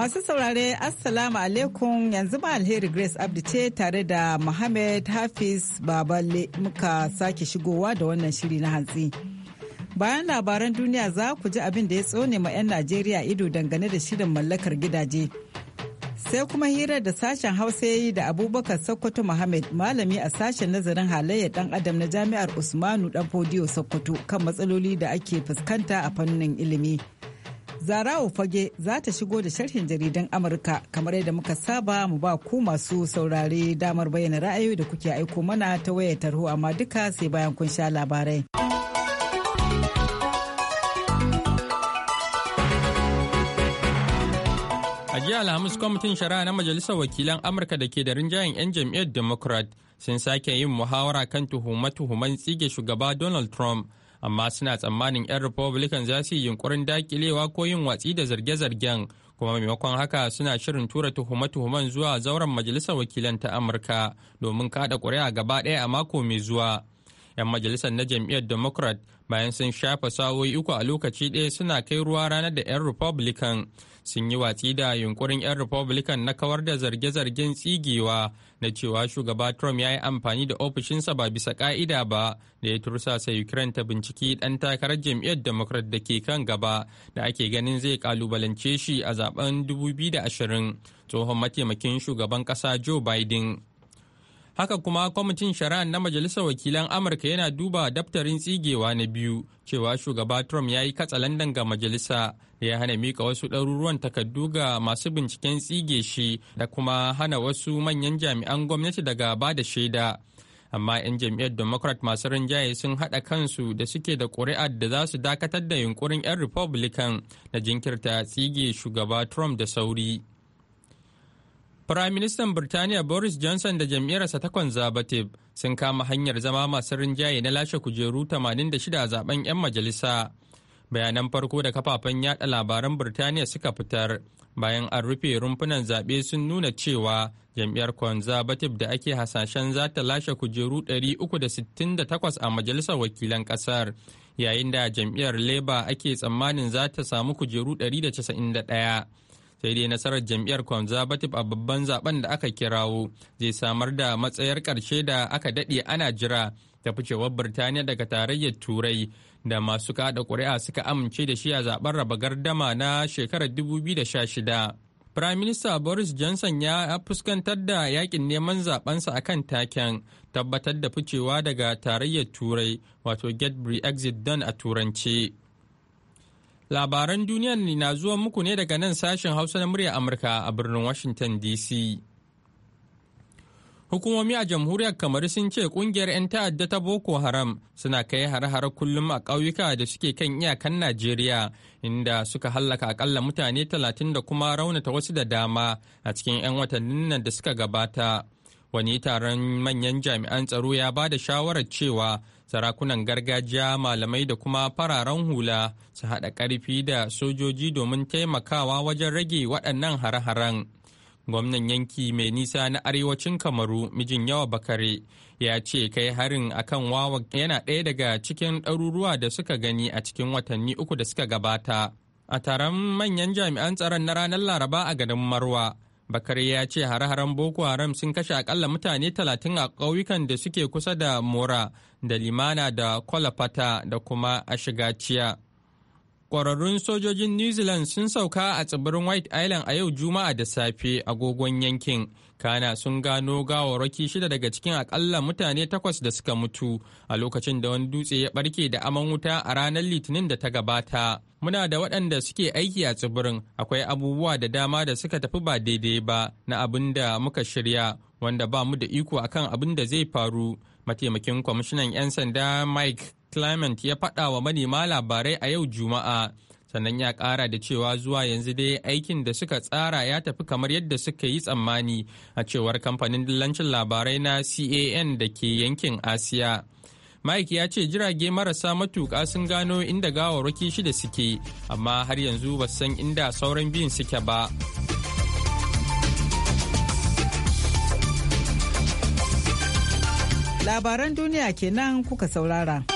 Masu saurare Assalamu alaikum yanzu ma alheri Grace Abdi ce tare da Muhammad Hafiz Baballe muka sake shigowa da wannan shiri na hantsi. Bayan labaran duniya za ku ji abin da ya tsone ma 'yan Najeriya ido dangane da shirin mallakar gidaje. Sai kuma hirar da sashen Hausa ya yi da Abubakar Sokoto Muhammad malami a sashen nazarin halayyar dan Adam na Jami'ar Usmanu Dan Fodiyo Sokoto kan matsaloli da ake fuskanta a fannin ilimi. Zarawo Fage za ta shigo da sharhin jaridan Amurka kamar yadda muka saba mu ba ku masu saurare damar bayyana ra'ayoyi da kuke aiko mana ta wayar tarho amma duka sai bayan kun sha labarai. A jiya Alhamis kwamitin shari'a na Majalisar Wakilan Amurka da ke da rinjayen 'yan jam'iyyar Democrat sun sake yin muhawara kan tuhume-tuhumen tsige shugaba Donald Trump amma suna tsammanin 'yan republican za su yi yunkurin dakilewa ko yin watsi da zarge-zargen kuma maimakon haka suna shirin tura tuhume-tuhumen zuwa zauren majalisar wakilan ta amurka domin kada ƙuri'a gaba ɗaya a mako mai zuwa 'yan majalisar na jam'iyyar democrat bayan sun shafa sawoyi uku a lokaci ɗaya suna kai ruwa ranar da 'yan republican sun yi watsi da yunkurin 'yan republican na kawar da zarge-zargen tsigewa na cewa shugaba trump ya yi amfani da ofishinsa ba bisa ka'ida ba da ya tursa tursasa ukraine ta binciki dan takarar jam'iyyar democrat da ke kan gaba da ake ganin zai kalubalance shi a zaben 2020 tsohon mataimakin shugaban kasa joe biden haka kuma kwamitin shari'a na majalisar wakilan amurka yana duba daftarin tsigewa na biyu cewa shugaba trump ya yi katsalandan ga majalisa ya hana mika wasu ɗaruruwan takardu ga masu binciken tsige shi da kuma hana wasu manyan jami'an gwamnati daga ba da shaida amma 'yan jam'iyyar democrat masu rinjaye sun haɗa kansu da suke da ƙuri'a da za su dakatar da yunkurin 'yan republican na jinkirta tsige shugaba trump da sauri Firaministan Birtaniya Boris Johnson da jam'iyyarsa ta Conservative sun kama hanyar zama masu rinjaye na lashe kujeru 86 a zaben 'yan majalisa. bayanan farko da kafafen yada labaran birtaniya suka fitar bayan an rufe rumfunan zaɓe sun nuna cewa jam'iyyar conservative da ake hasashen za ta lashe kujeru 368 a majalisar wakilan ƙasar yayin da jam'iyyar labour ake tsammanin za ta samu kujeru 191 sai dai nasarar jam'iyyar conservative a babban zaben da aka kirawo zai samar da matsayar ƙarshe da aka daɗe ana jira ta ficewar birtaniya daga tarayyar turai da masu kada ƙuri'a suka amince da shi a zaben raba gardama na shekarar 2016. Minister Boris Johnson ya fuskantar da yakin neman zabensa kan taken tabbatar da ficewa daga tarayyar Turai wato Get Brexit Done a Turanci. Labaran duniyar na zuwa muku ne daga nan sashen Hausa na murya Amurka a birnin Washington DC. Hukumomi a jamhuriyar kamar sun ce kungiyar 'yan ta'adda ta Boko Haram suna kai har har kullum a ƙauyuka da suke kan iyakan Najeriya inda suka hallaka akalla mutane talatin da kuma raunata wasu da dama a cikin 'yan watannin nan da suka gabata. Wani taron manyan jami'an tsaro ya ba da shawarar cewa sarakunan gargajiya malamai da kuma fararen hula su haɗa ƙarfi da sojoji domin taimakawa wajen rage waɗannan har haren gwamnan yanki mai nisa na arewacin kamaru mijin yawa bakare ya ce kai harin akan wawa yana ɗaya daga cikin ɗaruruwa da suka gani a cikin watanni uku da suka gabata a taron manyan jami'an tsaron na ranar laraba a garin marwa bakare ya ce hare-haren boko haram sun kashe akalla mutane talatin a ƙauyukan da suke kusa da mora da limana da kwalafata da kuma a shigaciya kwararrun sojojin New Zealand sun sauka a tsibirin White Island a yau Juma'a da safe agogon yankin. Kana sun gano raki shida daga cikin akalla mutane takwas da suka mutu a lokacin da wani dutse ya barke da aman wuta a ranar Litinin da ta gabata. Muna da waɗanda suke aiki a tsibirin akwai abubuwa da dama da suka tafi ba daidai ba na abin da muka shirya wanda ba mu da iko akan abin da zai faru. Mataimakin kwamishinan 'yan sanda Mike Clement ya faɗa wa manema labarai a yau Juma'a. sannan ya kara da cewa zuwa yanzu dai aikin da suka tsara ya tafi kamar yadda suka yi tsammani a cewar kamfanin dillancin labarai na can da ke yankin asiya mike ya ce jirage marasa matuƙa sun gano inda gawarwaki shida suke amma har yanzu ba san inda sauran biyun suke ba labaran duniya kenan kuka saurara.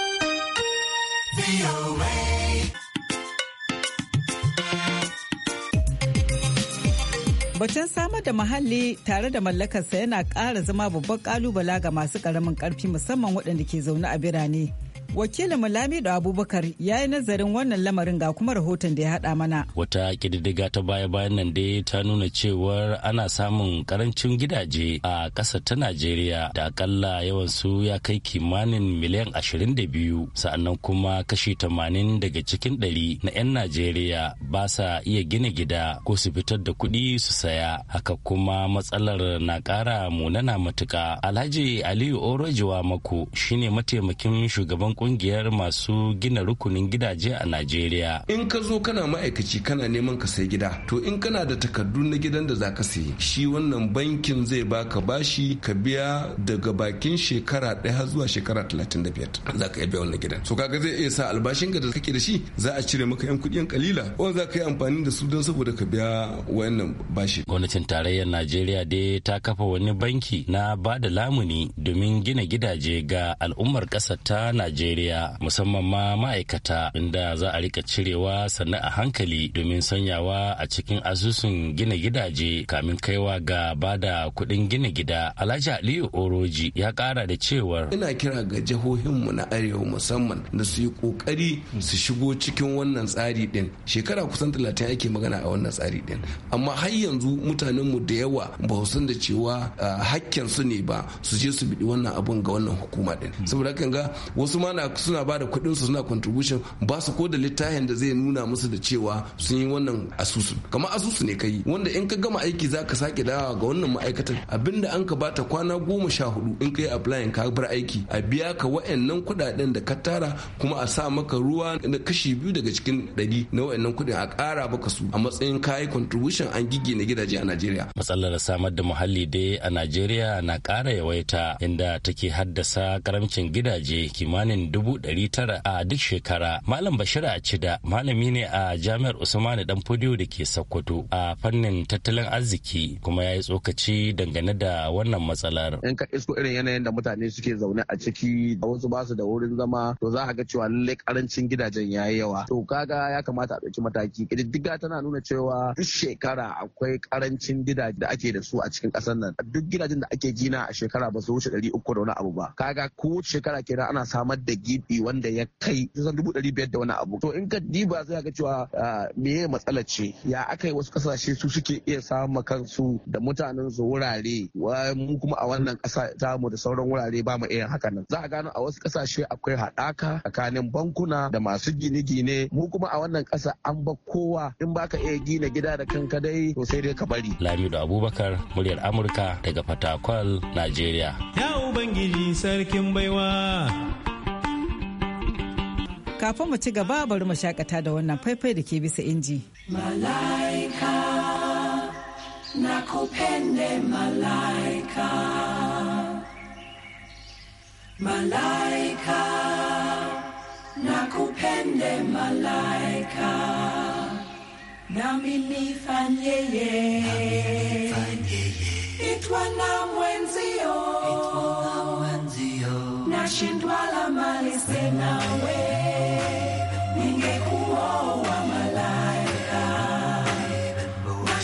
Batun samar da muhalli tare da mallakarsa yana ƙara zama babban ƙalubala ga masu ƙaramin ƙarfi musamman waɗanda ke zaune a birane. wakilin Lamido Abubakar ya yi nazarin wannan lamarin ga kuma rahoton da ya haɗa mana. Wata ƙididdiga ta baya-bayan nan dai ta nuna cewar ana samun karancin gidaje a ƙasa ta Najeriya da akalla yawan su ya kai kimanin miliyan 22 sa'annan kuma kashi tamanin daga cikin ɗari na 'yan Najeriya ba sa iya gina gida ko su fitar da kuɗi su saya haka kuma matsalar na ƙara munana matuƙa. Alhaji Aliyu Orojiwa Mako shine mataimakin shugaban kungiyar masu gina rukunin gidaje a Najeriya. In ka zo kana ma'aikaci kana neman ka sai gida, to in kana da takardu na gidan da za ka sayi, shi wannan bankin zai baka bashi ka biya daga bakin shekara ɗaya zuwa shekara talatin da biyar za ka iya biya wannan gidan. So kaga zai iya sa albashin ka da kake da shi za a cire maka yan kuɗi kalila, ko za ka yi amfani da su don saboda ka biya wannan bashi. Gwamnatin tarayyar Najeriya dai ta kafa wani banki na ba da lamuni domin gina gidaje ga al'ummar ƙasar ta Najeriya. najeriya musamman ma ma'aikata inda za a rika cirewa sannan a hankali domin sanyawa a cikin asusun gina gidaje kamin kaiwa ga bada kuɗin gina gida alhaji aliyu oroji ya kara da cewar ina kira ga jihohinmu na arewa musamman da su yi ƙoƙari su shigo cikin wannan tsari ɗin shekara kusan talatin ake magana a wannan tsari ɗin amma har yanzu mutanenmu da yawa ba su san da cewa ah, hakkin su ne ba su je su biɗi wannan abun ga wannan hukuma ɗin saboda hakan ga wasu ma na suna ba da kuɗin su suna contribution ba su ko da littafin da zai nuna musu da cewa sun yi wannan asusu kamar asusu ne kai wanda in ka gama aiki za ka sake dawa ga wannan ma'aikatar abinda an ka bata kwana goma sha hudu in ka yi applying ka bar aiki a biya ka wa'annan kuɗaɗen da ka tara kuma a sa maka ruwa na kashi biyu daga cikin ɗari na wa'annan kuɗin a ƙara maka su a matsayin kayi contribution an gigi na gidaje a Najeriya. Matsalar samar da muhalli dai a Najeriya na kara yawaita inda take haddasa karamcin gidaje kimanin dubu ɗari tara a duk shekara malam bashir a cida malami ne a jami'ar Usman dan fodiyo da ke sokoto a fannin tattalin arziki kuma ya yi tsokaci dangane da wannan matsalar in ka isko irin yanayin da mutane suke zaune a ciki wasu ba su da wurin zama to za a ga cewa lallai karancin gidajen ya yi yawa to kaga ya kamata a ɗauki mataki ƙididdiga tana nuna cewa duk shekara akwai karancin gidaje da ake da su a cikin ƙasar nan duk gidajen da ake gina a shekara ba su wuce ɗari uku da wani abu ba kaga ko shekara kenan ana samar da da gibi wanda ya kai kusan dubu ɗari biyar da wani abu to in ka diba zai ka cewa ah, meye matsala ce ya aka yi wasu kasashe su suke iya samun kansu da mutanen su wurare mu kuma a wannan ƙasa mu da sauran wurare ba mu irin haka nan za a gano a wasu ƙasashe akwai haɗaka tsakanin bankuna da masu gine-gine mu kuma a wannan ƙasa an ba kowa in baka iya gina gida da kanka dai to sai dai ka bari lamido abubakar muryar amurka daga fatakwal najeriya ya ubangiji sarkin baiwa Kafin mu ci gaba bari mu shakata da wannan faifai da ke bisa inji. Malaika na kupende malaika Malaika na kupende malaika Na Nami fanyeye. Itwa na mwenzio Na shindwala mali sina wewe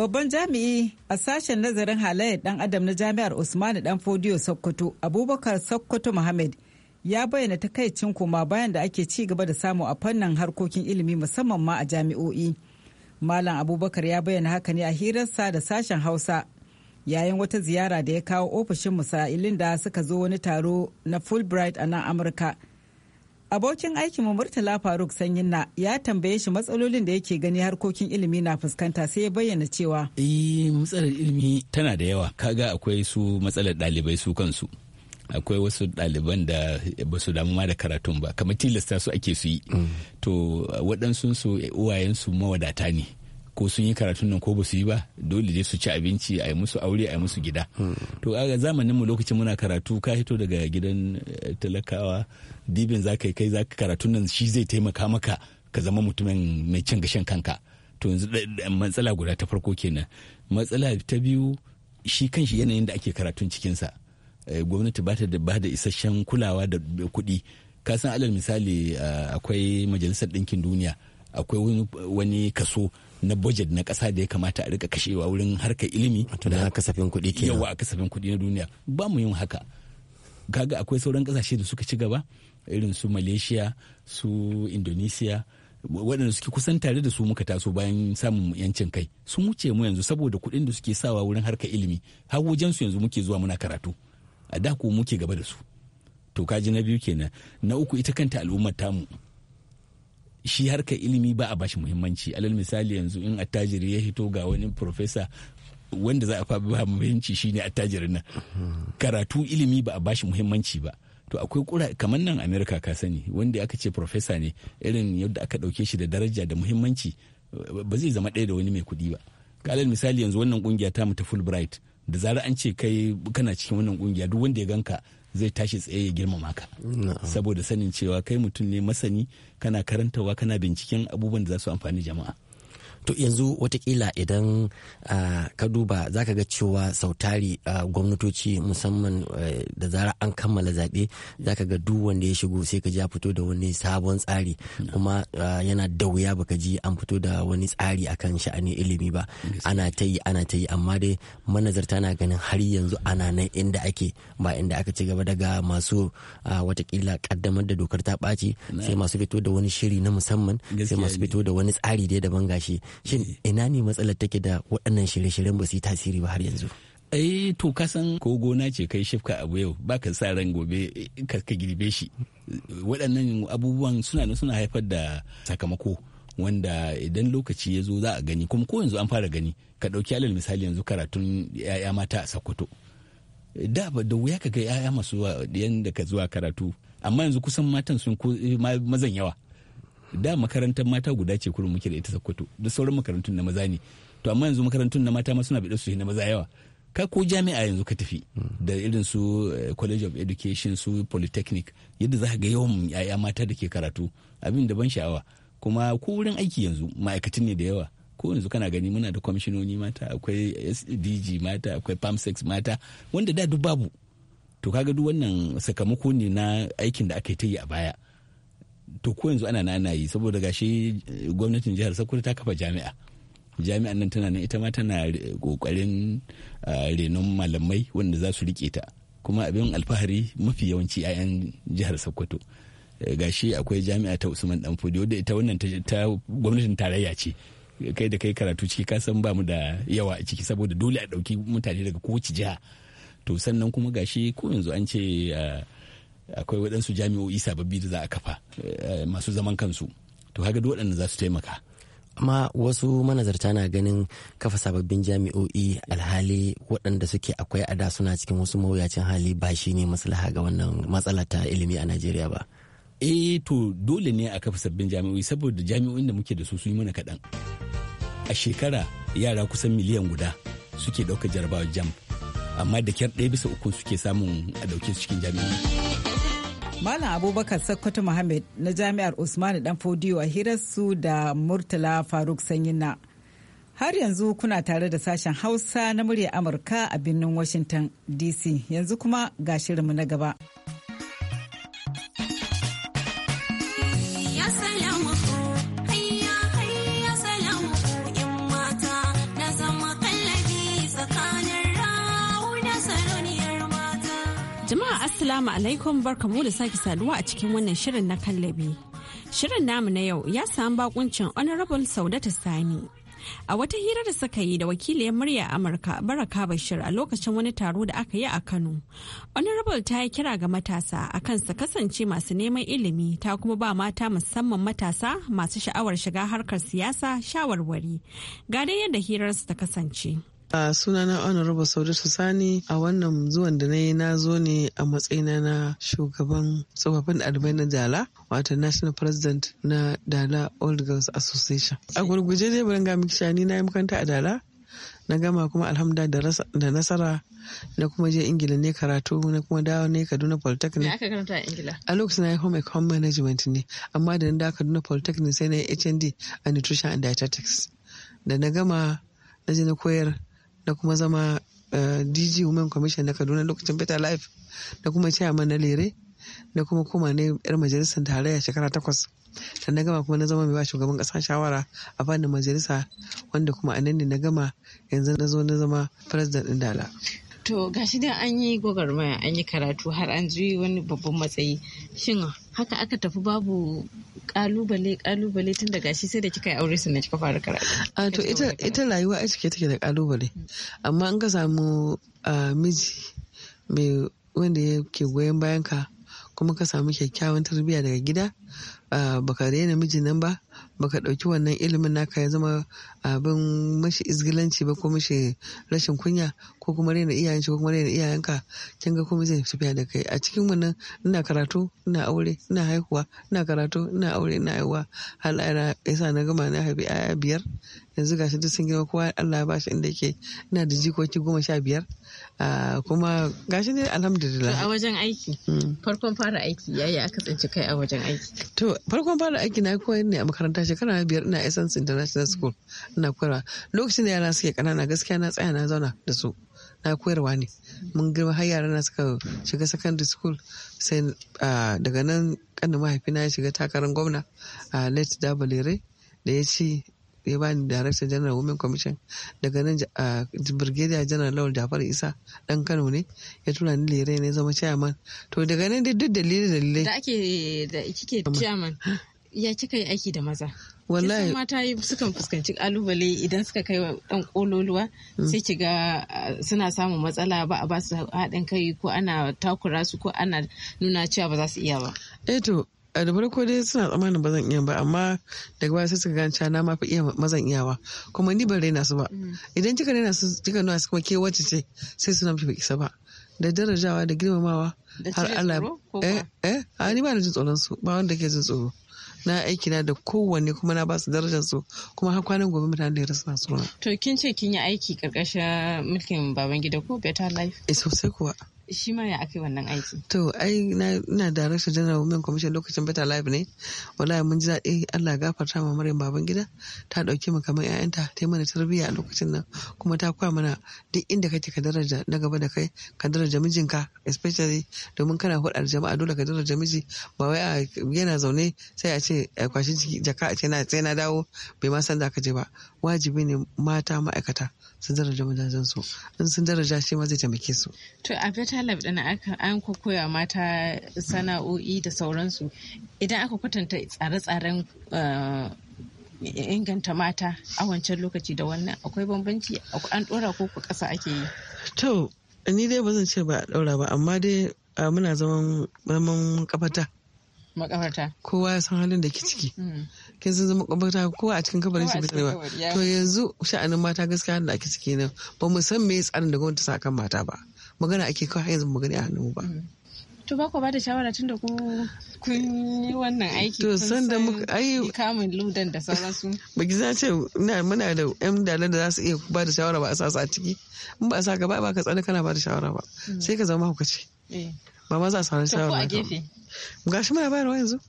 babban jami'i a sashen nazarin halayyar dan adam na jami'ar usmani dan fodiyo sokoto abubakar sokoto muhammad ya bayyana takaicin koma bayan da ake ci gaba da samu a fannin harkokin ilimi musamman ma a jami'o'i malam abubakar ya bayyana haka ne a hirarsa da sashen hausa yayin wata ziyara da ya kawo ofishin musa'ilin da suka zo wani taro na fulbright a nan amurka Abokin aikinmu Murtala Faruk na ya tambaye shi matsalolin da yake gani harkokin ilimi na fuskanta sai ya bayyana cewa. Eh matsalar ilimi tana da yawa kaga akwai su matsalar ɗalibai su kansu. akwai wasu ɗaliban da ba su damu ma da karatun ba kamar tilasta su ake su yi mm. to waɗansu su uwayensu mawadata ne ko sun yi karatun nan ko ba su yi ba dole dai su ci abinci a yi musu aure a yi musu gida mm. to a zamanin mu lokacin muna karatu ka hito daga gidan eh, talakawa dibin za ka yi kai za ka karatun nan shi zai taimaka maka ka zama mutumin mai cin gashin kanka to yanzu matsala guda ta farko kenan matsala ta biyu shi kanshi yanayin da ake karatun cikinsa eh, gwamnati ba ta ba da isasshen kulawa da kuɗi ka san alal misali ah, akwai majalisar ɗinkin duniya akwai wani kaso na budget na kasa da ya kamata a rika kashewa wurin harkar ilimi da kasafin kuɗi kenan yawa a kasafin kuɗi na duniya ba mu yin haka kaga akwai sauran ƙasashe da suka ci gaba irin su malaysia su indonesia waɗanda suke kusan tare da su muka taso bayan samun yancin kai sun wuce mu yanzu saboda kuɗin da suke sawa wurin harka ilimi har wajen su yanzu muke zuwa muna karatu a da ku muke gaba da su to kaji na biyu kenan na uku ita kanta al'ummar tamu shi harka ilimi ba a bashi muhimmanci alal misali yanzu in attajiri ya hito ga wani profesa wanda za a fa ba muhimmanci shine attajirin nan karatu ilimi ba a bashi muhimmanci ba to akwai kura kamar nan Amerika ka sani wanda aka ce professor ne irin yadda aka dauke shi da daraja da muhimmanci ba zai zama ɗaya da wani mai kuɗi ba kalar misali yanzu wannan kungiya ta mu ta fulbright da zarar an ce kai kana cikin wannan kungiya duk wanda ya ganka zai tashi tsaye ya girmama ka saboda sanin cewa kai mutum ne masani kana karantawa kana binciken abubuwan da za su amfani jama'a to yanzu watakila idan ka duba za ka ga cewa sautari a gwamnatoci musamman da zara an kammala zaɓe za ka ga duk wanda ya shigo sai ka ji a fito da wani sabon tsari kuma yana da wuya baka ji an fito da wani tsari akan sha'ani ilimi ba ana ta yi ana ta yi amma dai manazarta na ganin har yanzu ana nan inda ake ba inda aka ci gaba daga masu watakila kaddamar da dokar ta ɓaci sai masu fito da wani shiri na musamman sai masu fito da wani tsari da daban gashi shin ina ne matsalar take da waɗannan shirye-shiryen ba su yi tasiri ba har yanzu eh to kasan ko gona ce kai shifka abu yau baka sa ran gobe eh, ka girbe shi waɗannan abubuwan suna suna haifar da sakamako wanda idan lokaci ya zo za a gani kuma ko yanzu an fara gani ka ɗauki alal misali yanzu karatun 'ya'ya mata a sokoto da ba da wuya ka ga 'ya'ya masu yan da ka zuwa karatu amma yanzu kusan matan sun ko eh, mazan yawa da makarantar mata guda ce kurin muke da ita sokoto Da sauran makarantun na maza ne to amma yanzu makarantun na mata ma suna bada su na maza yawa ka ko jami'a yanzu ka tafi da irin su eh, college of education su polytechnic yadda za ka ga yawan yaya mata da ke karatu abin da ban sha'awa kuma ko wurin aiki yanzu ma'aikatan ne da yawa ko yanzu kana gani muna da kwamishinoni mata akwai sdg mata akwai pamsex mata wanda da duk babu to kaga duk wannan sakamako ne na aikin da aka yi ta yi a baya to ko yanzu ana na yi saboda gashi eh, gwamnatin jihar sokoto ta kafa jami'a jami'an nan tana nan ita ma tana kokarin eh, eh, renon malamai wanda za su rike ta kuma abin alfahari mafi yawanci 'ya'yan jihar sokoto gashi akwai jami'a ta usman danfodi wadda ita wannan ta gwamnatin tarayya ce kai da kai karatu ciki ka san ba mu da yawa a ciki saboda dole a ɗauki mutane daga kowace jiha to sannan kuma gashi ko yanzu an ce akwai waɗansu jami'o'i sababbi da za a kafa eh, masu zaman kansu to haka duk waɗanda za su taimaka amma wasu manazarta na ganin kafa sababbin jami'o'i alhali waɗanda suke akwai a da suna cikin wasu mawuyacin hali ba shi ne maslaha ga wannan matsala ta ilimi a najeriya ba eh to dole ne a kafa sabbin jami'o'i saboda jami'o'in da muke da su sun yi mana kaɗan a shekara yara kusan miliyan guda suke ɗaukar jarabawar jam amma da kyar ɗaya bisa uku suke samun a ɗauke su cikin jami'o'i Malam Abubakar Sakkwato Muhammad na Jami'ar Usmanu fodiyo a hirarsu da Murtala Faruk Sanyina. Har yanzu kuna tare da sashen Hausa na murya Amurka a birnin Washington DC. Yanzu kuma ga shirinmu na gaba. Assalamu alaikum barkamu da sake saduwa a cikin wannan shirin na kallabi. Shirin namu na yau ya samu bakuncin Honorable Saudatu Sani. A wata hira da suka yi da wakiliyar murya a Amurka Baraka Bashir a lokacin wani taro da aka yi a Kano. Honorable ta yi kira ga matasa akan su kasance masu neman ilimi ta kuma ba mata musamman matasa masu sha'awar shiga harkar siyasa shawarwari. Ga dai yadda hirarsu ta kasance. A sunana Honorable Saudatu Sani a wannan zuwan da na yi na zo ne a matsayina na shugaban tsofaffin ɗalibai na Dala wato National President na Dala Old Girls Association. A gurguje dai bari ga miki shani na yi makaranta a Dala na gama kuma alhamda da nasara na kuma je ingila ne karatu na kuma dawo ne kaduna polytechnic aka karanta a ingila a lokacin na yi home home management ne amma da na kaduna polytechnic sai na yi hnd a nutrition and dietetics da na gama na je na koyar da kuma zama eh, dg women commission na kaduna lokacin beta life da kuma chairman na lere da kuma kuma ne yar majalisar tarayya shekara takwas da na gama kuma na zama mai ba shugaban kasa shawara a fannin majalisa wanda kuma a nan ne na gama yanzu na zo na zama president din dala to gashi da an yi gwagwarmaya an yi karatu har an ji wani babban matsayi shin haka aka tafi babu kalubale kalubale tun daga shi sai da kika yi aure ne kika fara karatu to ita rayuwa a cike take da kalubale amma in ka samu miji mai wanda yake goyon bayan ka kuma ka samu kyakkyawan tarbiyya daga gida baka daina miji nan ba baka ɗauki wannan ilimin naka ya zama abin mashi izgilanci ba ko mashi rashin kunya ko kuma raina iyayen shi ko kuma raina iyayenka kin ga komai zai tafiya da kai a cikin wannan ina karatu ina aure ina haihuwa ina karatu ina aure ina haihuwa har ya yasa na gama na haifi yaya biyar yanzu gashi duk sun girma kowa Allah ya bashi inda yake ina da jikoki goma sha biyar Ah, kuma gashi ne alhamdulillah a wajen aiki hmm. farkon fara aiki yaya aka tsinci kai a wajen aiki to farkon fara aiki na koyar ne a makaranta shekara biyar ina essence international school ina koyarwa lokacin da yara suke kanana gaskiya na tsaya na zauna da su na koyarwa ne mun girma har yara na suka shiga secondary school sai ah, daga nan kanin mahaifina ya shiga takarar gwamna a ah, late dabalere da ya ci ya ni director general women commission daga nan brigadier general lawal jafar isa dan kano ne ya tura ni lere ne zama chairman to daga nan duk dalilai dalilai da ake da kike chairman ya kika yi aiki da maza wallahi mata yi sukan fuskanci kalubale idan suka kai dan kololuwa mm. sai ki ga suna samun matsala ba a ba su haɗin kai ko ana takura su ko ana nuna cewa ba za su iya ba eh to a eh, da farko dai suna tsammanin ba zan iya ba amma daga baya sai suka gane cewa na ma fi iya mazan iyawa kuma ni ban raina su ba mm. idan kika raina su kika nuna su kuma ke wacce ce sai suna fi isa ba da darajawa da girmamawa har Allah eh eh a ni ba na jin tsoron su ba wanda ke jin tsoro na aiki na da kowanne kuma na basu darajar su kuma har kwanan gobe mutane da rasu suna to kin ce kin yi aiki karkashin mulkin baban gida ko better life eh sosai kuwa shi ma ya aka wannan aiki to ai na da rashin general women commission lokacin better life ne wallahi mun ji daɗi Allah gafarta ma Maryam baban gida ta ɗauki mu kamar 'ya'yanta ta yi mana tarbiyya a lokacin nan kuma ta koya mana duk inda kake ka daraja na gaba da kai ka daraja mijinka especially domin kana hulɗar jama'a dole ka daraja miji ba wai yana zaune sai a ce kwashi jaka a ce na dawo bai ma san da ka je ba wajibi ne mata ma'aikata sun daraja mazajen su in sun daraja shi ma zai taimake su to a better lab din an koya mata sana'o'i da sauransu idan aka kwatanta tsare-tsaren eh, inganta mata a wancan lokaci da wannan akwai bambanci an dora ko ku kasa ake yi to ni dai ba zan ce ba a daura ba amma dai eh, muna zaman zaman kafata makafarta kowa ya san halin da ke ciki mm. kin san zama kabarta ko a cikin kabarin shi fitar ba to yanzu sha'anin mata gaskiya da ake ciki nan ba mu san me tsarin da gwamnati sa kan mata ba magana ake kawai yanzu magana a hannun ba mm. to ba ku ba da shawara tun da ku kun yi wannan aiki to san da muka ai kamun ludan da sauransu ba ki zace muna da yan dalar da za su iya ba da shawara ba a sasa a ciki in ba a sa gaba ba ka tsani kana ba da shawara ba mm. sai ka zama hukaci eh. ba ma za a saurari shawara ba gashi muna bayarwa yanzu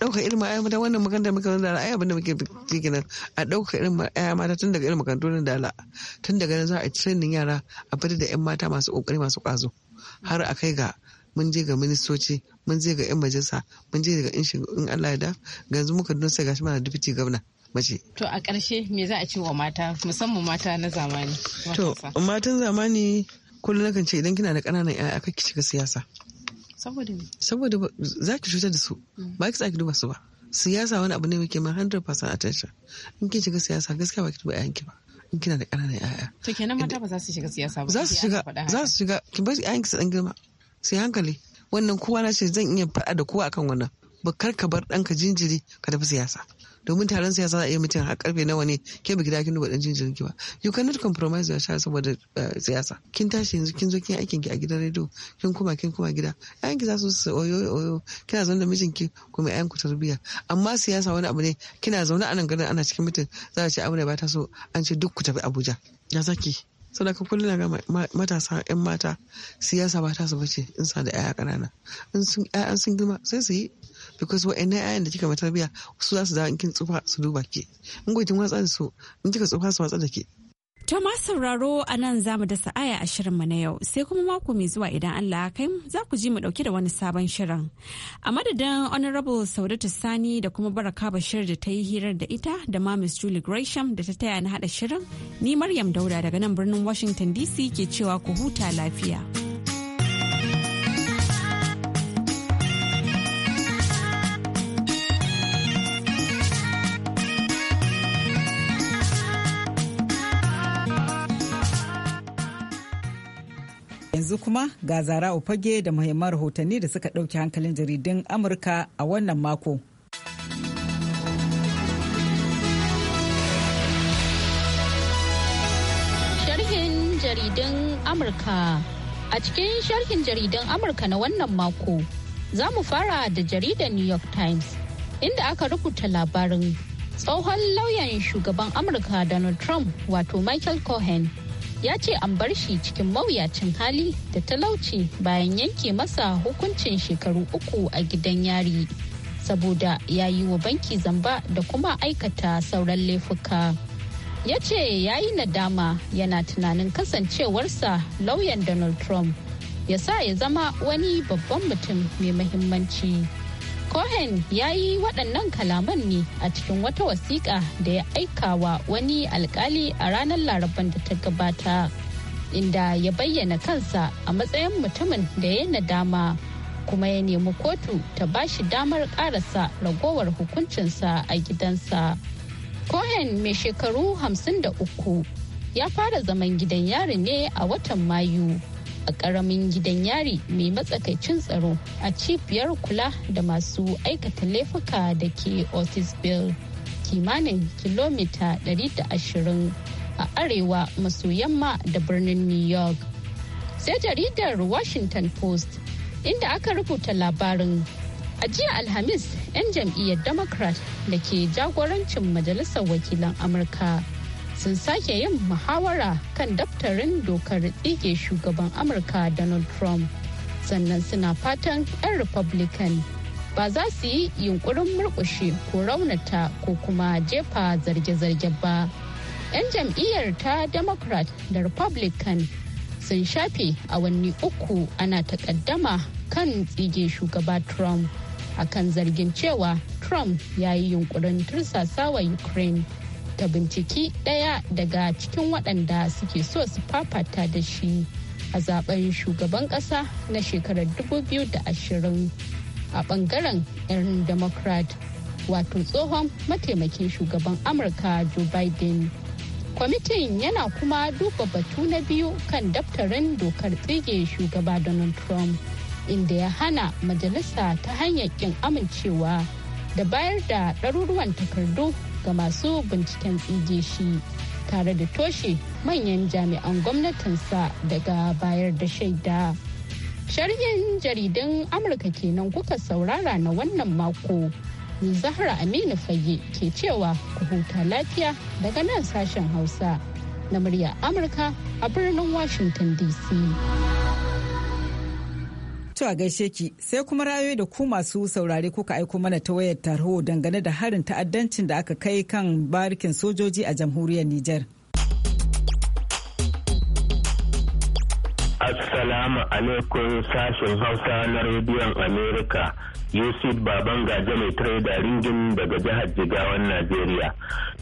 ɗauka ilimin aya mata wannan makarantar makarantar da ala'ayi abinda muke ciki nan a ɗauka ilimin aya mata tun daga ilimin makarantar da ala tun daga nan za a sanin yara a fita da 'yan mata masu ƙoƙari masu ƙwazo har a kai ga mun je ga ministoci mun je ga 'yan majalisa mun je ga in Allah ya da yanzu muka don sai gashi mana dubiti gwamna. mace. To a ƙarshe me za a ce wa mata musamman mata na zamani? To matan zamani kullum nakan ce idan kina da ƙananan 'ya'ya ki shiga siyasa. saboda saboda za ki cutar da su mm. ba ki tsaki duba su ba siyasa wani abu ne mai ma 100% attention in kin shiga siyasa gaskiya ba ki tuba yayanki ba in kina da ƙananan yaya to kenan mata ba za su shiga siyasa ba za su shiga za su shiga ki bar yayanki su dan girma sai hankali wannan kowa na ce zan iya faɗa da kowa akan wannan ba kar ka bar ɗanka jinjiri ka tafi siyasa domin taron siyasa za a iya mutum har karfe nawa ne ke gida da kin duba dan jinjirin ki ba you cannot compromise your child saboda eh, siyasa kin tashi yanzu kin zo kin aikin ki a gidan rediyo kin kuma kin kuma gida ƴaƴan ki za su su oyo oyo kina zaune da mijin ki kuma ƴaƴan ku tarbiyya amma siyasa wani abu ne kina zaune a nan garin ana cikin mutum za a ce abu ne ba ta so an ce duk ku tafi Abuja ya zaki sadaka kullum ga matasa yan mata siyasa ba ta su bace in sa da yaya ƙanana in sun yayan sun girma sai su yi because ina ƴaƴan da kika mata tarbiya su za su da in kin tsufa su duba ke in gwajin watsa su in kika tsufa su watsa da ke To ma sauraro a nan za mu dasa aya a shirinmu na yau sai kuma mako mai zuwa idan Allah kai za ku ji mu dauke da wani sabon shirin. A madadin Honorable Saudatu Sani da kuma Baraka Bashir da ta yi hirar da ita da ma Miss Julie Gresham da ta taya na hada shirin, ni Maryam Dauda daga nan birnin Washington DC ke cewa ku huta lafiya. kuma ga zara fage da muhimman rahotanni da suka ɗauki hankalin jaridun Amurka a wannan mako. Sharhin jaridun Amurka A cikin sharhin jaridun Amurka na wannan mako, za mu fara da jaridar New York Times, inda aka rubuta labarin tsohon lauyan shugaban Amurka Donald Trump wato Michael Cohen ya ce an bar shi cikin mawuyacin hali da talauci bayan yanke masa hukuncin shekaru uku a gidan yari saboda ya yi wa banki zamba da kuma aikata sauran laifuka ya ce ya yi nadama yana tunanin kasancewarsa lauyan donald trump ya sa ya zama wani babban mutum mai mahimmanci. Cohen ya yi waɗannan kalaman ne a cikin wata wasiƙa da ya aika wa wani alƙali a ranar laraban da ta gabata inda ya bayyana kansa a matsayin mutumin da ya nadama kuma ya nemi kotu ta ba shi damar ƙarasa ragowar hukuncinsa a gidansa. Cohen mai shekaru 53 ya fara zaman gidan yari ne a watan Mayu. a karamin gidan yari mai matsakaicin tsaro a cibiyar kula da masu aikata laifuka da ke Otisville kimanin kilomita 120 a arewa maso yamma da birnin New York. Sai jaridar Washington Post inda aka rubuta labarin A jiya Alhamis, 'yan jam'iyyar Democrat da ke jagorancin Majalisar Wakilan Amurka sun sake yin muhawara kan daftarin dokar tsige shugaban amurka donald trump sannan suna fatan 'yan republican ba za su yi yunkurin murkushe ko raunata ko kuma jefa zarge-zarge ba 'yan jam'iyyar ta democrat da republican sun shafe awanni uku ana takaddama kan tsige shugaba trump akan zargin cewa trump ya yi yunkurin tursasa ukraine ta binciki ɗaya daga cikin waɗanda suke so su fafata da shi a zaben shugaban ƙasa na shekarar 2020 a ɓangaren 'yan democrat wato tsohon mataimakin shugaban amurka joe biden kwamitin yana kuma duba batu na biyu kan daftarin dokar tsige shugaba donald trump inda ya hana majalisa ta hanyar kin amincewa da bayar da ɗaruruwan takardu ga masu binciken tsige shi tare da toshe manyan jami'an gwamnatinsa daga bayar da shaida. Sharhin jaridan Amurka kenan kuka saurara na wannan mako. Zahra Aminu Fage ke cewa ku huta lafiya daga nan sashen Hausa na murya Amurka a birnin Washington DC. To a gaishe ki sai kuma rayoyi da ku masu saurare kuka aiko mana ta wayar tarho dangane da harin ta'addancin da aka kai kan barikin sojoji a jamhuriyar Nijar. Assalamu alaikum sashen Hausa na rediyon Amerika. Yusuf Baban Gaje mai da ringin daga jihar Jigawan Najeriya.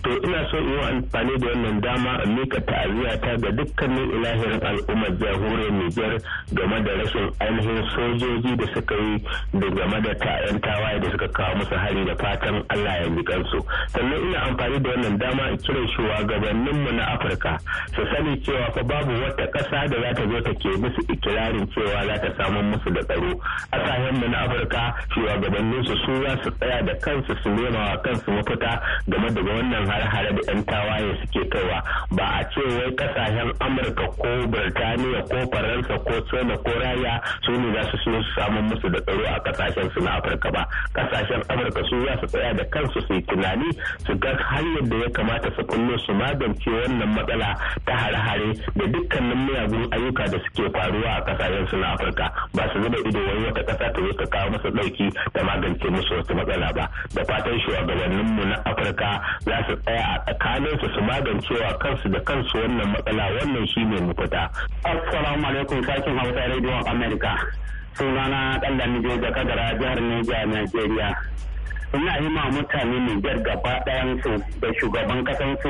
to ina so in amfani da wannan dama in mika ta ga dukkanin ilahirin al'ummar jahuriyar Nijar game da rashin ainihin sojoji da suka yi da game da ta'ayan tawaye da suka kawo musu hari da fatan Allah ya yi kansu sannan ina amfani da wannan dama in kira shugabannin mu na Afirka su sani cewa fa babu wata ƙasa da za ta zo ta ke musu ikirarin cewa za ta samu musu da tsaro ƙasashen mu na Afirka shugabannin su su za su tsaya da kansu su nema wa kansu mafita game da wannan hare-hare da 'yan tawaye suke kaiwa ba a ce wai kasashen amurka ko birtaniya ko faransa ko sona ko raya su ne za su su samu musu da tsaro a kasashen su na afirka ba kasashen amurka su za su tsaya da kansu su yi tunani su ga hanyar da ya kamata su kullo su magance wannan matsala ta hare-hare da dukkanin miyagun ayyuka da suke faruwa a kasashen su na afirka ba su zuba ido wani wata kasa ta zo ta kawo masa dauki da magance musu wata matsala ba da fatan shugabanninmu na afirka za su daya a tsakaninsu su magancewa kansu da kansu wannan matsala wannan shi ne mafita. Assalamu alaikum sashen Hausa rediyon Amerika. Sunana Ɗanlami da Kagara jihar Niger Nigeria. Ina yi ma mutane Niger gaba su da shugaban kasan su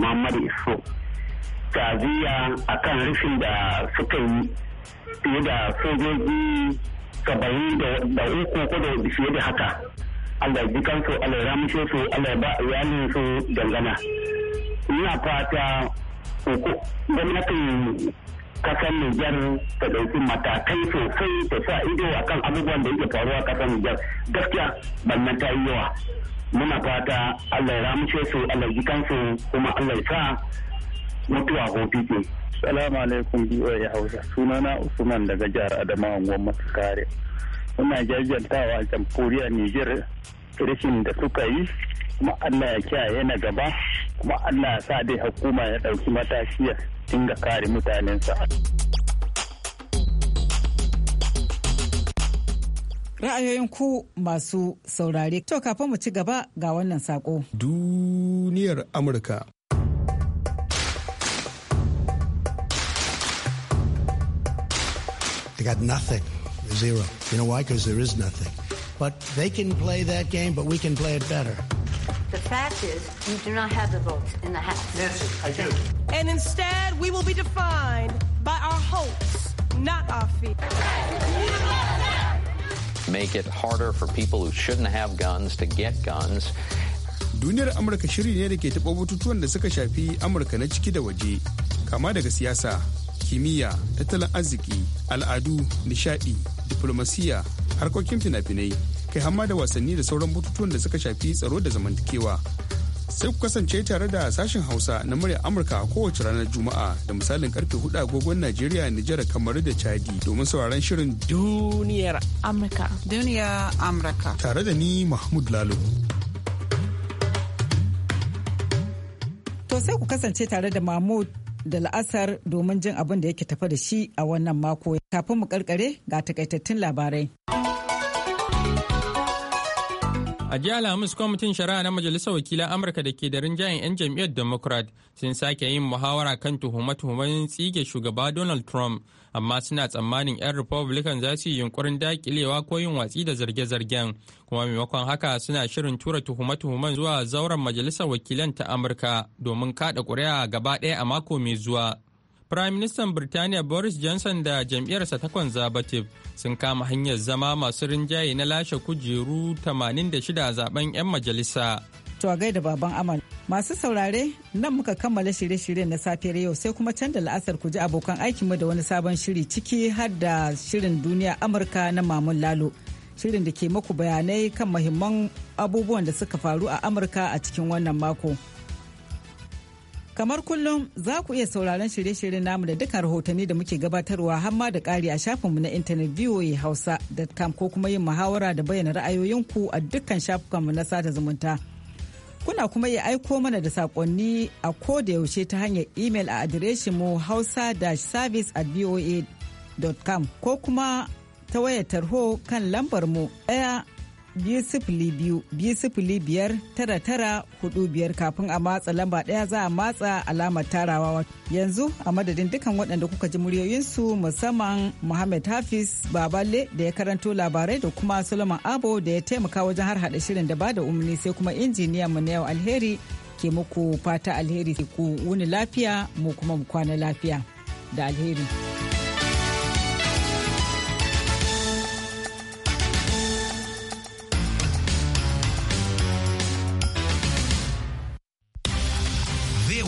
Muhammadu Isu. Taziya akan rufin da suka yi fiye da sojoji saba'in da uku ko fiye da haka. Allah ya jikan su Allah ya ramushe su Allah ya ba iyalin su dangana ina fata gwamnatin kasar Nijar ta ɗauki matakai sosai ta sa ido a kan abubuwan da yake faruwa kasar Nijar gaskiya bannan ta yi yawa muna fata Allah ya ramushe su Allah ji su kuma Allah ya sa mutuwa hofi ce. Salamu alaikum ya Hausa sunana Usman daga jihar Adamawa gwamnati kare. muna jajantawa jamhuriyar nijar rashin da suka yi kuma allah ya kiyaye na gaba kuma allah ya sa dai hukuma ya ɗauki matashi ya dinga kare mutanensa ra'ayoyin ku masu saurare to kafin mu ci gaba ga wannan sako duniyar amurka They got nothing. Zero. You know why? Because there is nothing. But they can play that game, but we can play it better. The fact is, you do not have the votes in the House. Yes, I do. And instead, we will be defined by our hopes, not our fears. Make it harder for people who shouldn't have guns to get guns. Duniyar Amurka shiri ne da ke taɓa batutuwan da suka shafi Amurka na ciki da waje, kama daga siyasa, kimiyya, tattalin arziki, al'adu, nishaɗi, diplomasiya harkokin fina-finai kai hamma da wasanni da sauran batutuwan da suka shafi tsaro da zamantakewa sai ku kasance tare da sashen hausa na murya amurka a kowace ranar juma'a da misalin karfe hudu agogon najeriya nijar kamar da chadi domin sauraron shirin duniyar amurka duniyar amurka tare da ni mahmud lalo to sai ku kasance tare da mahmud da la'asar domin jin abin da yake tafa da shi a wannan mako. Kafin mu karkare ga takaitattun labarai. A jiya Alhamis kwamitin shari'a na Majalisar Wakilan Amurka da ke da rinjayen 'yan jam'iyyar Democrat sun sake yin muhawara kan tuhume-tuhumen tsige shugaba Donald Trump, amma suna tsammanin 'yan Republican za su yi yunkurin dakilewa ko yin watsi da zarge-zargen, kuma maimakon haka suna shirin tura tuhume-tuhumen zuwa zauren Majalisar Wakilan ta Amurka domin kada ƙuri'a gaba ɗaya a mako mai zuwa. prime Firaministan Birtaniya Boris Johnson da jam'iyyarsa ta Conservative sun kama hanyar zama masu rinjaye na lashe kujeru 86 a zaben 'yan majalisa. To gaida baban amal. Masu saurare nan muka kammala shirye-shiryen na safiyar yau sai kuma can da la'asar ku ji abokan aikinmu da wani sabon shiri ciki har da shirin duniya Amurka na Mamun Lalo. Shirin da ke maku bayanai kan mahimman abubuwan da suka faru a Amurka a cikin wannan mako. Kamar kullum za ku iya sauraron shirye-shiryen namu da dukkan rahotanni da muke gabatarwa hamma da ƙari a shafinmu na intanet hausa VOA Hausa.com ko kuma yin muhawara da bayyana ra'ayoyinku a dukkan shafukanmu na sada zumunta. Kuna kuma iya aiko mana da saƙonni a ko da yaushe ta hanyar imel a adireshin mu hausa-service at com ko kuma ta wayar tarho kan lambar mu ɗaya biyar kafin a matsa lamba ɗaya za a matsa alamar tarawa yanzu a madadin dukan waɗanda kuka ji muryoyinsu musamman Muhammad Hafiz Baballe da ya karanto labarai da kuma Solomon Abo da ya taimaka wajen har hada shirin da ba da umarni sai kuma injiniyan mu na yau alheri ke muku fata alheri ku wuni lafiya mu kuma mu kwana lafiya da alheri.